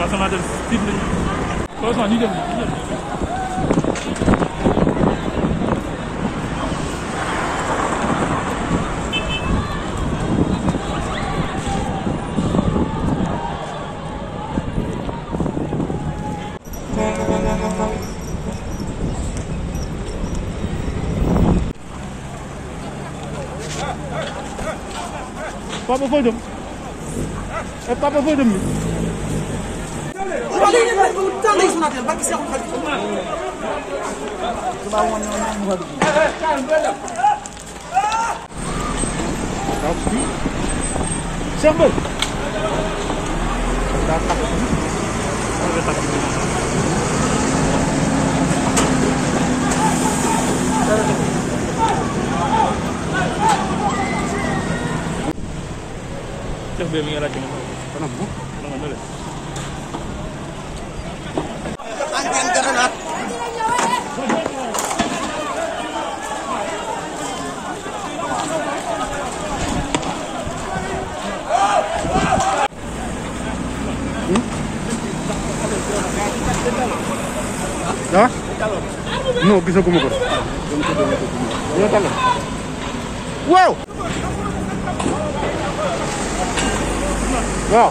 waa sama dem tiit nañu. heureusement ñu dem ñu dem. Papa foo jëm. Äh, Papa foo jëm. naan lay Sonatel barki Seexul Xadiim. Cheikh Mbër. Cheikh Mbër mi nga laajte ah non gisaguma ko waaw waaw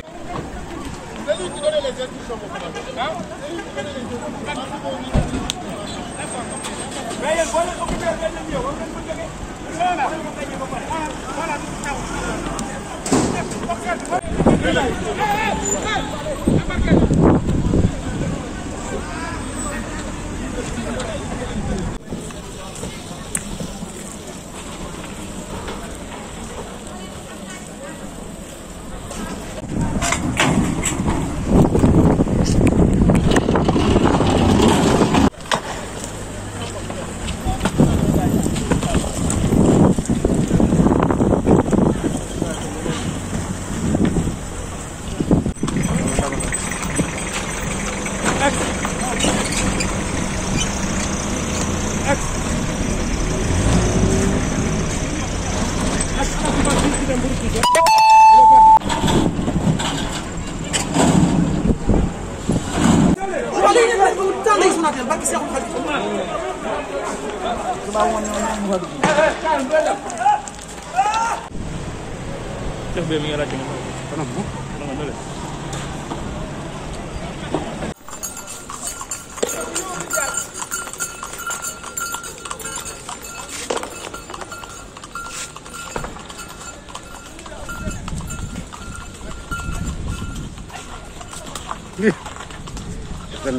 lui qui donnait les instructions, mon frère. Hein C'est lui qui donnait les instructions. Mais yéen boo leen occupé benn lieu war ngeen ko jógee. loolu la ko gagné ba pare. voilà du taw. barke Seexul Xadiim Cheikh bi mi ngi ràcc na kanam bu dama dole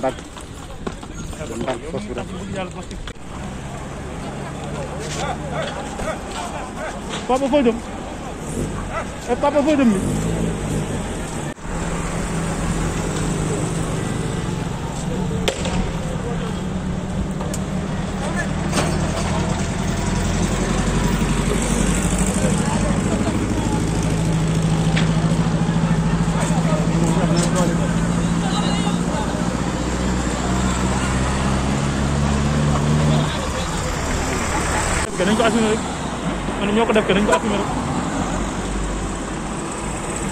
Thank you. ndànk fas bu papa foo jëm eh, papa foo jëm que nañ ko assumer rek man ñoo ko def que nañ ko assumer rek.